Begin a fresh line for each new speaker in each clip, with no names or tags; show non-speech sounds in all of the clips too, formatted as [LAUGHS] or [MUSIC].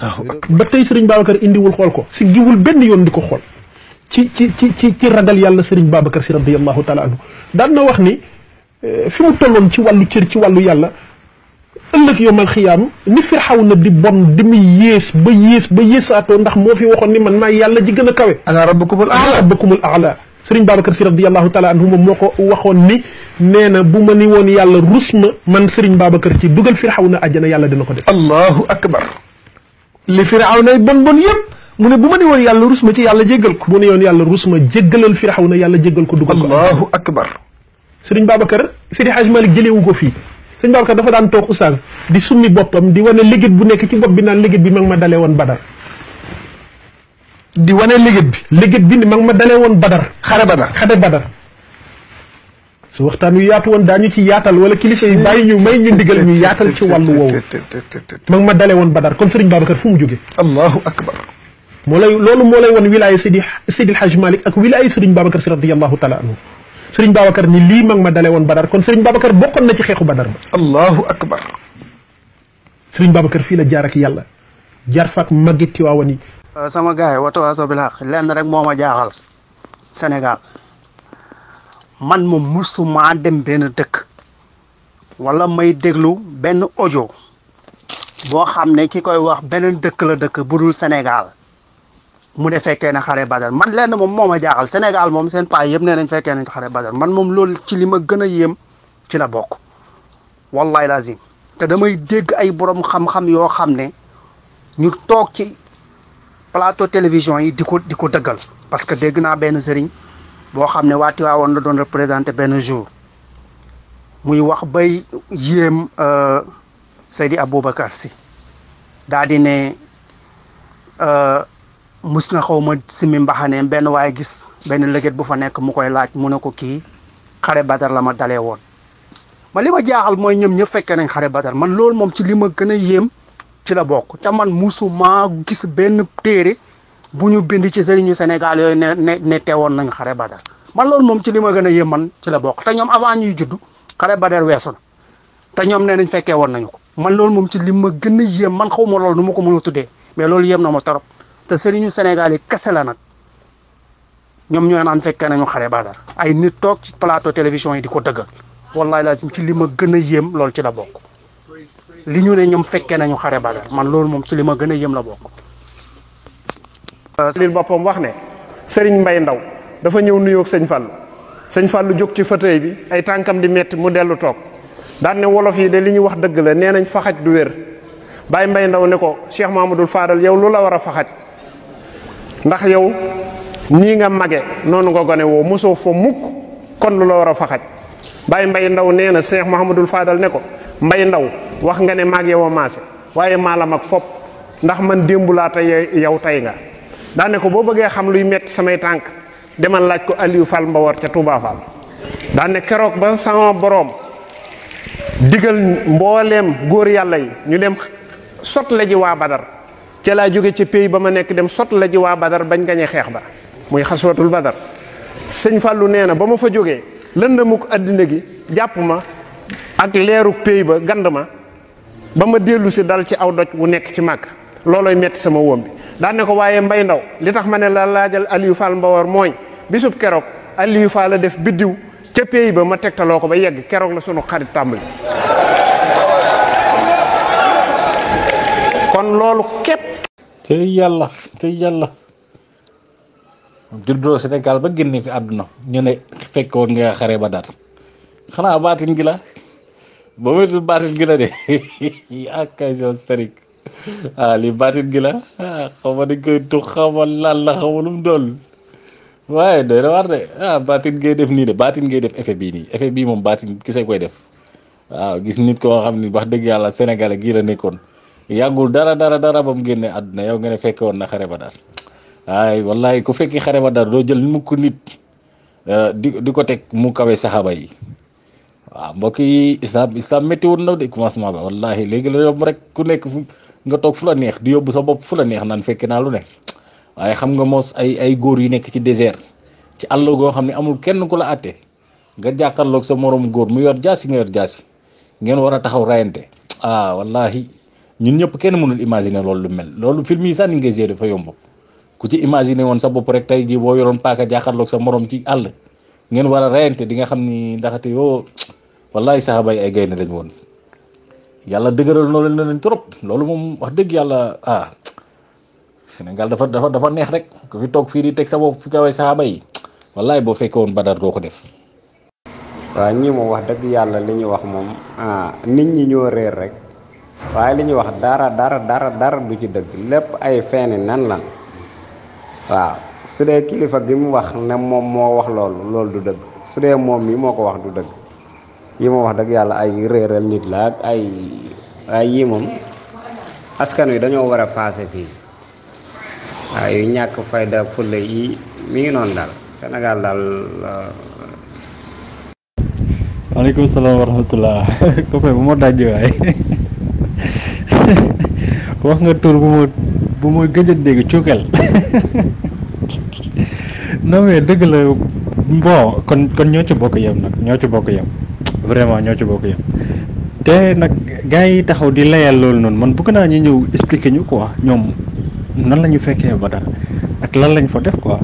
Ah, ba tey sëriñ Babacar indiwul xool ko si giwul benn yoon di ko xool ci ci ci ci ci ragal yàlla sëriñ Babacar si radiyallahu taala anhu daan na wax ni eh, fi mu tolloon ci wàllu cër ci wàllu yàlla ëllëg yomal xiyaam ni firxaw na di bon di mu yées ba yées ba yéesaatoo ndax moo fi waxoon ni man maa yàlla ji gën a kawe ana rabbukumul ala rabbukumul ala sëriñ Babacar si radiyallahu taala anhu moom moo ko waxoon ni nee na bu ma ni woon yàlla rus ma man sëriñ Babacar ci dugal firxaw na àjjana yàlla dina ko def allahu akbar li firaaw nay bon bon yëpp mu ne bu ma ne woon yàlla rus ma ci yàlla jéggal ko bu ne woon yàlla rus ma jéggalal firaaw na yàlla jéggal ko dugal ko allahu akbar sëriñ Babacar sëriñ Haj Malik jëleewu ko fii sëriñ dafa daan toog oustaz di summi boppam di wane liggéey bu nekk ci bopp bi naan liggéey bi ma ma dalee woon badar di wane liggéey bi liggéey bi ni ma ngi ma dalee woon badar xare badar xare badar su waxtaan wi yaatu woon daañu ci yaatal wala kilifa yi bàyyi ñu may ñu ndigal ñu yaatal ci wàllu woowu mag ma dale woon Badar kon sëriñ Babacar fu mu jóge allahu akbar moo loolu moo lay woon wilaaya Sidi Sidi El Hadj Malick ak wilaaya sëriñ Babacar si radiallahu taala anhu sëriñ Babacar ni lii mag ma dale woon Badar kon sëriñ Babacar bokkoon na ci xeexu Badar ba allahu akbar sëriñ Babacar fii la jaar ak yàlla jaar faak maggi tiwaawan yi
sama gars yi wa tawaasaw bil haq lenn rek moo ma jaaxal Sénégal man moom mu sumaa dem benn dëkk wala may déglu benn ojo boo xam ne ki koy wax beneen dëkk la dëkk bu dul Sénégal mu de fekkee ne xare Badar man lenn moom moo ma jaaxal Sénégal moom seen paa yëpp nee nañ fekkee nañ xare Badar man moom lool ci li ma gën a yem ci la bokk wallahi lazim te damay dégg ay borom xam-xam yoo xam ne ñu toog ci plateau télévision yi di ko di ko dëggal parce que dégg naa benn seriñ boo xam ne waa woon la doon représenté benn jour muy wax bay yéem euh, Seydi Aboubacar Sy daa di ne euh, mus na xaw ma simi mbaxaneem benn waaye gis benn lëgët bu fa nekk mu koy laaj mu ne ko kii xare Badar la ma dalee woon ma li ma jaaxal mooy ñoom ñëpp fekkee nañ xare Badar man loolu moom ci li ma gën a yéem ci la bokk ca man musu maa gis benn téere bu ñu bind ci sëriñu Sénégal yooyu ne ne ne teewoon nañ xare Badar man lool moom ci li ma gën a yëm man ci la bokk te ñoom avant ñuy judd xare Badar weesu na te ñoom nee nañ fekkee woon nañu ko man loolu moom ci li ma a yëm man xaw ma loolu nu ma ko mën a mais loolu yëm na ma torop te sëriñu Sénégal yi kese la nag ñoom ñoo naan fekkee nañu xare Badar ay nit toog ci plateau télévision yi di ko dëggal wallahi lazim ci li ma gën a loolu ci la bokk li ñu ne ñoom fekkee nañu xare Badar man loolu moom ci li ma gën
a yëm la bokk Euh, salil boppam wax ne sëriñ mbay ndaw dafa ñëw nuyook sëñ Fallou sëñ lu jóg ci fauteuil bi ay tànkam di metti mu dellu toog daan wolof yi de li ñu wax dëgg la nee nañ faxaj du wér Baye mbay ndaw ne ko Cheikh Mamadou Fadal yow lu war a faxaj ndax yow nii nga mage noonu nga gone woo mosoo fa kon lu la war a faxaj Baye mbay ndaw nee na Cheikh Mamadou Fadal ne ko mbay ndaw wax nga ne maag yow maase waaye maalam ak fopp ndax man démb laa tey yow tey nga daane ko boo bëggee xam luy metti samay tànk demal laaj ko Aliou Fall Mbawar ca Touba Fall daane keroog ba sama boroom digal mbooleem góor yàlla yi ñu dem sot la ji waa Badar ca laa jóge ca pays ba ma nekk dem sot la ji waa Badar bañ gañe xeex ba muy xaswatul Badar sëñ Fallou nee na ba ma fa jógee lëndamuk àddina gi jàpp ma ak leeruk pays ba gand ma ba ma dellu si dal ci aw doj wu nekk ci màgg loolooy metti sama wóom bi daan ko waaye mbay ndaw li tax ma ne la laajal Aliou Fall Mbawar mooy bisub keroog Aliou Fall a def biddiw ca pays ba ma tegtaloo ko ba yegg keroog la sunu xarit tàmbali. kon loolu
képp. te yàlla te yàlla. juddoo Sénégal ba génne fi àdduna ñu ne fekk woon nga xare ba daat xanaa baatin gi la ba baatin gi de ak [LAUGHS] yow Serigne. Ah, li baatit gi la ah xaw ma dañ xaw ma la xaw ma waaye doy na war de ah baatit def nii de baatit ngay def effet bii nii effet bii moom baatit kese koy def waaw gis nit ko xam ni wax dëgg yàlla sénégalais gii la nekkoon yàggul dara dara dara ba mu génne àdduna yow nga ne fekke woon na xare ba dar waaye wallahi ku fekki xare ba dar doo jël mukk nit eh, di di ko teg mu kawe saxaaba yi waaw mbokk yi islam islam métti woon na de commencement ba wallahi léegi la rek ku nekk nga toog fu la neex di yóbbu sa bopp fu la neex naan fekke naa lu ne waaye xam nga mos ay ay góor yu nekk ci désert ci àll goo xam ne amul kenn ku la àtte nga jàkkaarloog sa moroom góor mu yor jaasi nga yor jaasi ngeen war a taxaw rayante ah wallahi ñun ñëpp kenn mënul imaginer loolu lu mel loolu film yi sànni nga dafa yomb ku ci imaginer woon sa bopp rek tey jii boo yoroon paaka jàkkaarloog sa moroom ci àll ngeen war a rayante di nga xam ni ndaxate yoo oh, wallahi saxaaba yi ay gaynde lañ woon yàlla dëgëral noo la leen trop loolu moom wax dëgg yàlla ah, senegal dafa dafa dafa neex rek ku fi toog fii di teg sa bopp fi kaway saxaaba yi wallaay boo fekkoon badar doo ko def.
waaw ñii moom wax dëgg yàlla li ñuy wax moom ah, nit ñi ñoo réer rek waaye li ñuy wax dara dara dara dara du ci dëgg lépp ay feeni nan lan waaw su dee kilifa gi mu wax ne moom moo wax loolu loolu du dëgg su dee moom mi moo ko wax du dëgg. yi moom wax dëgg yàlla ay réeral nit la ak ay ay yii moom askan wi dañoo war a passé fii waaye yu ñàkk fayda fulla yi mi ngi noonu daal Sénégal daal. Euh, waaleykum salaam wa rahmatulah kooku [LAUGHS] bu ma dajji waay [LAUGHS] wax nga tur bu ma bu ma gëj a dégg [LAUGHS] dëgg la bon kon kon ñoo ci bokk yem nag ñoo ci bokk yam vraiment ñoo ci bokk yem te nag gars yi taxaw di layal loolu noonu man bëgg naa ñu ñëw expliquer ñu quoi ñoom nan la ñu fekkee ba dara ak lan lañ fa def quoi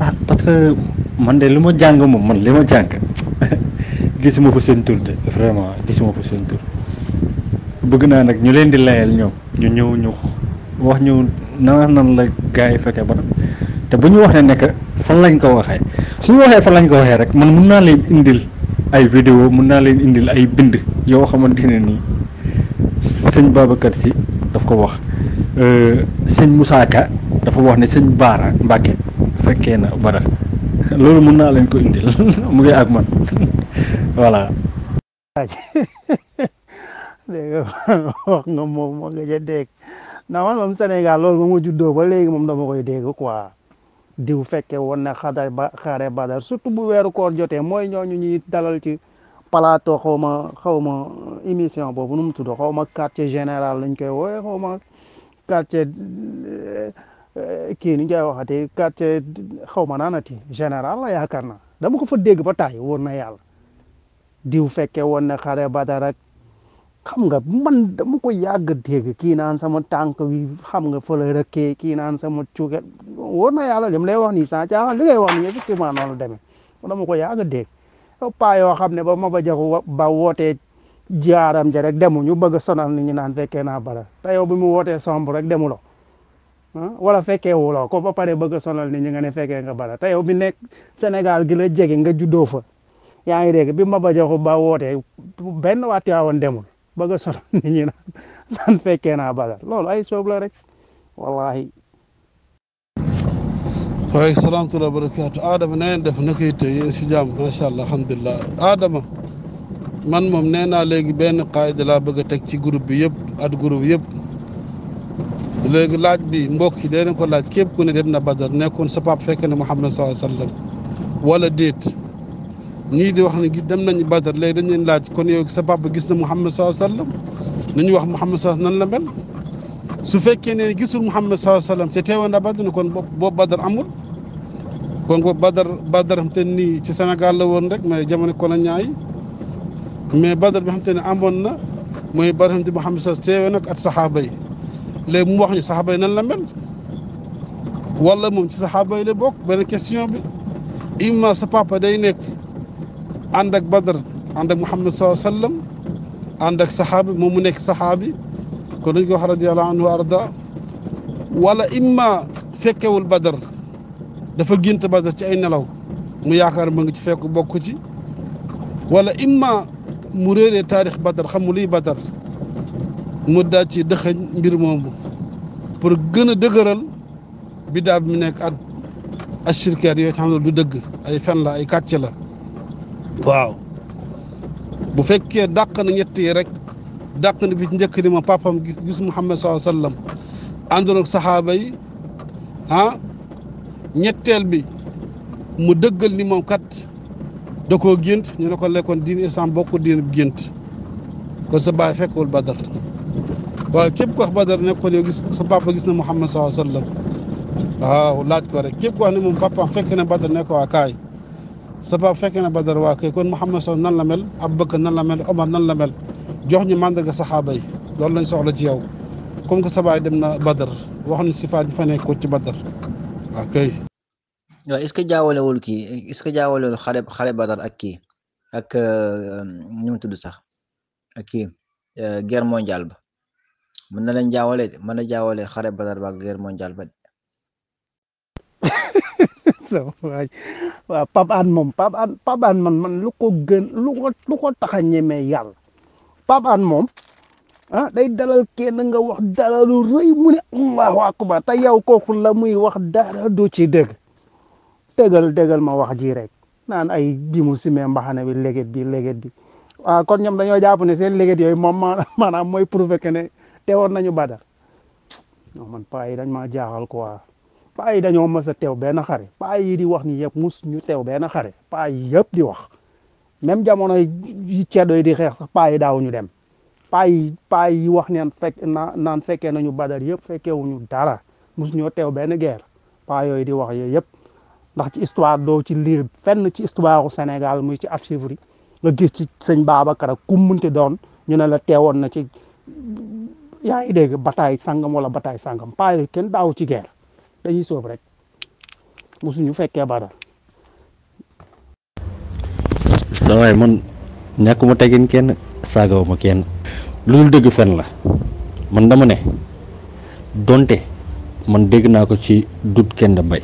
ah parce que man de li ma jàng moom man li ma jàng [LAUGHS] gisuma fa seen tur de vraiment gisuma fa seen tur bëgg naa nag ñu leen di layal ñoom ñu ñëw ñu wax ñu nan nan la gars yi fekkee ba dara te bu ñu wax ne nekk fan lañ ko waxee suñu waxee fan lañ ko waxee rek man mun naa leen indil ay vidéo mun naa leen indil ay bind yoo xamante ne nii sëñ Babacar si daf ko wax euh, sëñ Moussa dafa wax ne sëñ Baara Mbàkke fekkee na bara loolu mun naa leen ko indil [LAUGHS] mu ngi ak man [LAUGHS] voilà. [LAUGHS]
dégg nga moo nga ca dégg naa man loolu moom ma juddoo ba léegi moom dama koy dégg diw fekke woon na xadar ba xaare badar surtout bu weeru koor jotee mooy ñooñu ñuy dalal ci plateau xaw ma xaw ma émission boobu nu mu tudd xaw ma quartier général lañ koy wooye xaw ma quartier euh, kii ni ngay waxatee quartier xaw ma naanati général la yaakaar na dama ko fa dégg ba taay wóor na yàlla diw fekke woon na xare xam nga man mu ko yàgg a dégg kii naan sama tànk wi xam nga fa la rëkkee kii naan sa sama cuket wóor na yàlla lim lay wax nii sans caaxaan li ngay wax nii effectivement noonu demee dama ko yàgg a dégg paa yoo xam ne ba ma ba jaxu ba wootee jaaram ja rek demu ñu bëgg a sonal ni ñu naan fekkee naa bara te yow bi mu wootee somb rek demuloo wala fekkee wuloo ko ba pare bëgg a sonal ni ñu nga ne fekkee nga bara te yow bi nekk Sénégal gi la jege nga juddoo fa yaa ngi dégg bi ma ba jaxu ba wootee benn waat yaa woon demul bëgg a sonal [LAUGHS] nit ñi naan naan naa badar
lool ay soob la rek wallahi waaye salaamatulah barakaatu Adama na def na koy tey yéen si jàmm macha allah alhamdulilah Adama man moom nee naa léegi benn qaayda laa bëgg a teg ci groupe bi yëpp at groupe yëpp léegi laaj bi mbokk yi dee ko laaj képp ku ne na badar nekkoon sa pap fekk ne Muhammad sallallahu alayhi wa sallam wala déet ñii di wax ne gis dem nañu Badar léegi dañ leen laaj kon yow sa papa gis na Mouhamed sallallahu alayhi wa sallam nañu wax Mouhamed sallallahu nan la mel su fekkee ne gisul Mouhamed sallallahu alayhi wa sallam te teewoon na Badar kon boobu Badar amul. kon boobu Badar Badar xam te nii ci Sénégal la woon rek mais jamono colonial yi mais Badar bi xam te ne amoon na mooy Badar xam te Mouhamed sallallahu teewee nag ak saxaaba yi léegi mu wax ñu saxaaba yi nan la mel wala moom ci saxaaba yi la bokk benn question bi imma sa papa day nekk. ànd ak badar ànd ak muhammad saa sallam ànd ak saxaabi moom mu nekk saxaabi kon dañ ko wax radiallahu anhu wa arda wala imma fekkewul badar dafa gént badar ci ay nelaw mu yaakaar ma ngi ci fekk bokk ci wala imma mu réeree taarix badar xamu liy badar mu daal ci dëxëñ mbir moomu pour gën a dëgëral bidaa bi mu nekk at ashirkaat yooyu xam ne du dëgg ay fen la ay kàcc la waaw bu fekkee dàq na ñett rek dàq na bi ci njëkk ni ma papam gis gis Muhammad saa sallam àndoon ak saxaaba yi ah ñetteel bi mu dëggal ni moom kat da koo gént ñu ne ko lekkoon diin islam bokk diin bu gént kon sa baay fekkul badar waaye képp ko badar ne kon yow gis sa papa gis na Muhammad saa sallam waaw laaj ko rek képp ko wax ne moom papam fekk na badar ne ko waa sabab fekkee na badar waa kay kon Muhammad sax nan la mel Abubakar nan la mel Omar nan la mel jox ñu màndarga saxaaba yi loolu lañ soxla ci yow comme que sabaay dem na badar wax ñu sifaat ñu fa nekkoon ci badar waa kay
jaawalewul kii est-ce xare xare badar ak kii ak euh, tudd sax ak kii euh, guerre ba mën na leen jaawale mën na jaawale xare badar ba ak guerre mondiale ba [LAUGHS]
waaw euh, Pape moom Pape Hann Pape Hann man man lu ko gën lu ko lu ko tax a ñemee yàlla Pape moom ah, day dalal kenn nga wax dara lu rëy allahu akbar te yow kooku la muy wax dara du ci dëgg dëggal dëggal ma wax ji rek naan ay bi mu simee mbaxane bi léget bi léget bi waaw kon ñoom dañoo jàpp ne seen léget yooyu moom [LAUGHS] maanaam mooy prouver que ne teewoon nañu badar non man paa yi dañ maa jaaxal paa yi dañoo mës a teew benn xare paa yi di wax ni yëpp mus ñu teew benn xare paa yi yëpp di wax même jamono yi ceddo yi di xeex sax paa yi daawuñu dem paa yi yi wax neen fekk naa naan fekkee nañu badar yëpp fekkeewuñu dara mus ñoo teew benn guerre paa yooyu di wax yooyu yëpp ndax ci histoire doo ci liir fenn ci histoire u Sénégal muy ci archives yi nga gis ci sëñ Babacar ak ku doon ñu ne la teewoon na ci yaa ngi dégg bataay sangam wala bataay sangam paa yooyu kenn daaw ci guerre dañuy sóob rek mosuñu fekkee bara
sa waay man ñàkkuma tegin kenn saagawuma kenn loolu dégg fen la man dama ne donte man dégg naa ko ci dut kenn bay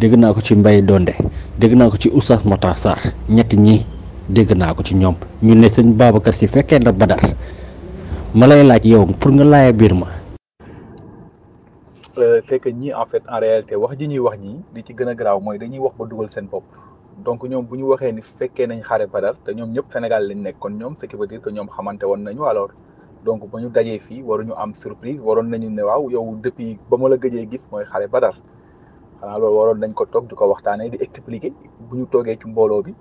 dégg naa ko ci mbay donde dégg naa ko ci Oustaz Matar Sarr ñetti ñi dégg naa ko ci ñoom ñu ne sëñ Babacar si fekkee na badar ma lay laaj yow pour nga laaya biir ma
c'est euh, que ñii en fait en réalité wax ji ñuy wax ñii li ci gën a mooy dañuy wax ba dugal seen bopp donc ñoom bu ñu waxee ni fekkee nañ xare Badar te ñoom ñëpp Sénégal leen nekk kon ñoom ce qui veut dire que ñoom xamante woon nañu alors donc ba ñu dajee fii ñu am surprise waroon nañu ne waaw yow depuis ba ma la gëjee gis mooy xare Badar xanaa loolu waroon nañ ko toog di ko waxtaanee di expliqué bu ñu toogee ci mbooloo bi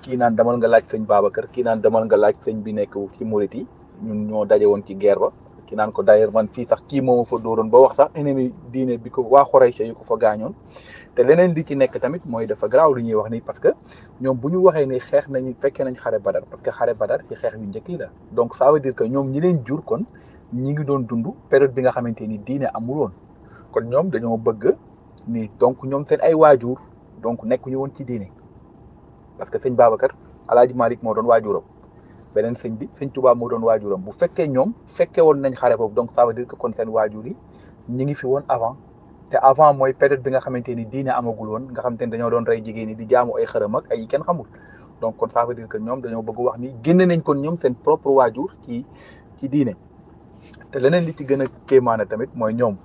kii naan demal nga laaj sëñ Babacar kii naan demal nga laaj sëñ bi nekk ci murit yi ñun ñoo daje woon ci guerre ba ki naan ko d'ailleurs man fii sax kii moo ma fa dóoroon ba wax sax ennemi diine bi ko waa Xuraysh yi ko fa gaañoon te leneen di ci nekk tamit mooy dafa garaaw lu ñuy wax ni parce que ñoom bu ñu waxee ni xeex nañu fekkee nañ xare badar parce que xare badar fi xeex yu njëkk yi la donc ça veut dire que ñoom ñi leen jur kon ñi ngi doon dund période bi nga xamante ni diine amul woon kon ñoom dañoo bëgg nii donc ñoom seen ay waajur donc nekk ñu woon ci diine parce que sëñ Babacar Alaaji Malik moo doon waajuram beneen sëñ bi sëñ Tuubaa moo doon waajuram bu fekkee ñoom fekkee woon nañ xare boobu donc ça veut kon seen waajur yi ñu ngi fi woon avant te avant mooy période bi nga xamante ni diine amagul woon nga xamante ni dañoo doon rey jigéen ñi di jaamu ay xërëm ak ay kenn xamul donc kon ça veut que ñoom dañoo bëgg wax ni génne nañ kon ñoom seen propre waajur ci ci diine te leneen li ci gën a kéemaane tamit mooy ñoom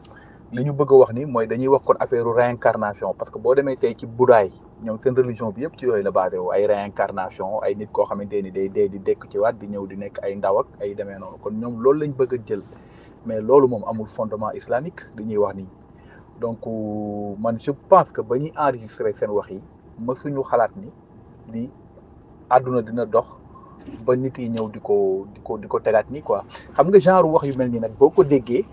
li ñu bëgg a wax ni mooy dañuy wax kon affaire réincarnation parce que boo demee tey ci budaay ñoom seen religion bi yëpp ci yooyu la basé wu ay réincarnation ay nit koo xamante ni day dee di dekk ci waat di ñëw di nekk ay ndaw ay demee noonu kon ñoom loolu lañ bëgg a jël mais loolu moom amul fondement islamique dañuy wax nii donc euh, man je pense que ba ñuy enregistré seen wax yi ma suñu xalaat ni lii àdduna dina dox ba nit yi ñëw di ko di ko di ko tegaat nii quoi xam nga genre wax yu mel nii nag boo ko déggee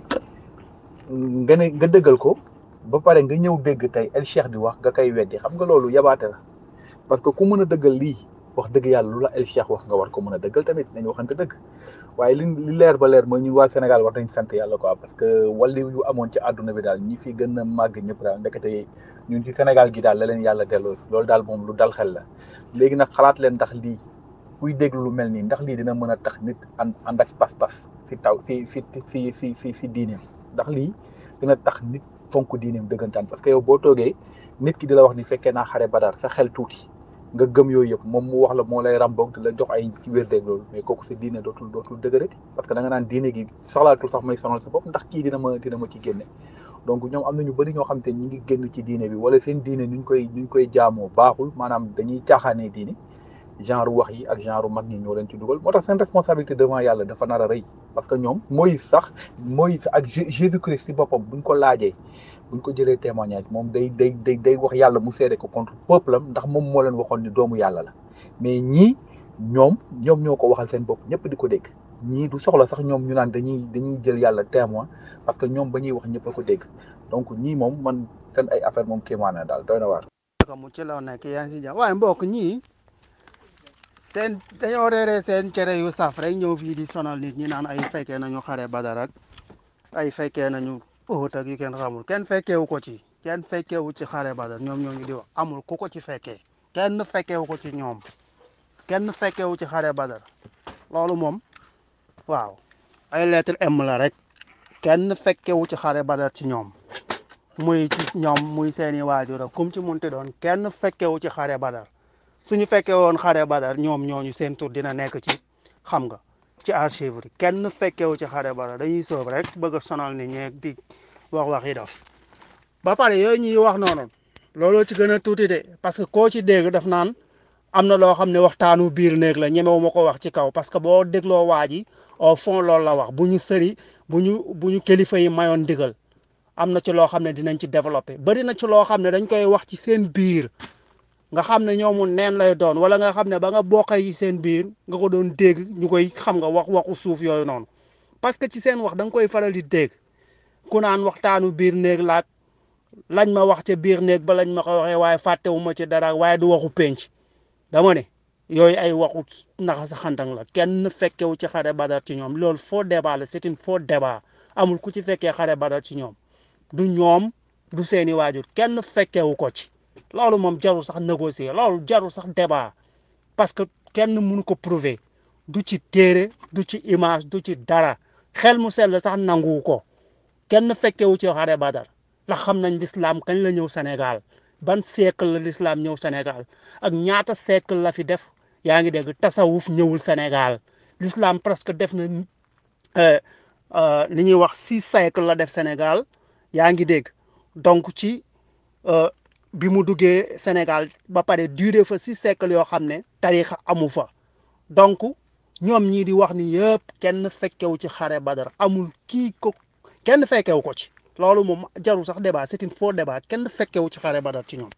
nga ne nga dëggal ko ba pare nga ñëw dégg tey El Cheikh di wax nga koy weddi xam nga loolu yabaate la parce que ku mën a dëggal lii wax dëgg yàlla lu la El Cheikh wax nga war ko mën a dëggal tamit nañu waxante dëgg waaye li leer ba leer mooy ñun waa Sénégal war nañ sant yàlla ko parce que wàllu yu amoon ci àdduna bi daal ñi fi gën a màgg ñëpp daal ndekete ñun ci Sénégal gi daal la leen yàlla delloo loolu daal moom lu dal xel la léegi nag xalaat leen ndax lii kuy déglu lu mel nii ndax lii dina mën a tax nit ànd ànd ak pas-pas taw si si si si si si diine ndax fonk diineem dëggantaan parce que yow boo toogee nit ki di wax ni fekkee naa xare badar sa xel tuuti nga gëm yooyu yëpp moom mu wax la moo lay ràmboog di la jox ay wér-dégg loolu mais kooku sa diine dootul dootul dëgërati parce que da nga naan diine gi soxlaatul sax may sonal sa bopp ndax kii dina ma dina ma ci génne donc ñoom am na ñu bëri ñoo xam te ñu ngi génn ci diine bi wala seen diine ñu koy ñu koy jaamoo baaxul maanaam dañuy caaxaanee diine genre wax yi ak genre mag ñi ñoo leen ci dugal moo tax seen responsabilité devant yàlla dafa nar a rëy parce que ñoom mooy sax Moïse ak Jésus Christ si boppam bu buñ ko laajee bu buñ ko jëlee témoignage moom day day day day wax yàlla mu seede ko contre peuple am ndax moom moo leen waxoon ni doomu yàlla la mais ñii ñoom ñoom ñoo ko waxal seen bopp ñëpp di ko dégg ñii du soxla sax ñoom ñu naan dañuy dañuy jël yàlla témoin parce que ñoom ba ñuy wax ñëpp ko dégg donc ñii moom man seen ay affaire moom kéemaan na daal doy waar.
seen dañoo reeree seen cere yu saf rek ñëw di sonal nit ñi naan ay fekkee nañu xare badar ak ay fekkee nañu Uhud ak yu kenn xamul kenn fekkeewu ko ci kenn fekkeewu ci xare badar ñoom ñoo ñu di wax amul ku ko ci fekkee kenn fekkeewu ko ci ñoom kenn fekkeewu ci xare badar loolu moom waaw ay lettre M rek kenn fekkewu ci xare badar ci ñoom muy ci ñoom muy seeni waajur ak kum ci munti doon kenn fekkewu ci xare badar suñu fekkee woon xare badar ñoom ñooñu seen tur dina nekk ci xam nga ci archive yi kenn fekkewu ci xare badar dañuy soob rek bëgg a sonal ni ñeeg di wax wax yi daf ba pare yooyu ñu wax noonu looloo ci gën tuuti de parce que koo ci dégg daf naan am na loo xam ne waxtaanu biir néeg la ñemewu ma ko wax ci kaw parce que boo dégloo waa ji au fond loolu la wax bu ñu sëri bu ñu bu ñu kilifa yi mayoon ndigal am na ci loo xam ne dinañ ci développé bari na ci loo xam ne dañ koy wax ci seen biir nga xam ne ñoomu neen lay doon wala nga xam ne ba nga bokkee yi seen biir nga ko doon dégg ñu koy xam nga wax waxu suuf yooyu noonu parce que ci seen wax da nga koy faral di dégg ku naan waxtaanu biir néeg laaj lañ ma wax ca biir néeg ba lañ ma ko waxee waaye fàttewu ma ci dara waaye du waxu penc dama ne yooyu ay waxu naxa sa xantang la kenn fekkewu ci xare badar ci ñoom loolu faux débat la c'est une faux amul ku ci fekkee xare badar ci ñoom du ñoom du seeni waajur kenn fekkewu ko ci loolu moom jarul sax négocier loolu jarul sax débat parce que kenn mënu ko prouvé du ci téere du ci image du ci dara xel mu sell sax nanguwu ko kenn fekkewu ci xare badar la xam nañ l'islam kañ la ñëw Sénégal ban siècle la l'islam ñëw Sénégal ak ñaata siècle la fi def yaa ngi dégg tasawuf ñëwul Sénégal l'islam presque def na euh, euh, li ñuy wax si siècle la def Sénégal yaa ngi dégg donc ci euh, bi mu duggee Sénégal ba pare duré fa six siècles yoo xam ne tarixa amu fa donc ñoom ñii di wax ni yëpp kenn fekkewu ci xare Badar amul kii ko kenn fekkewu ko ci loolu moom jaru sax débat c'est une faux débat kenn fekkewu ci xare Badar ci ñoom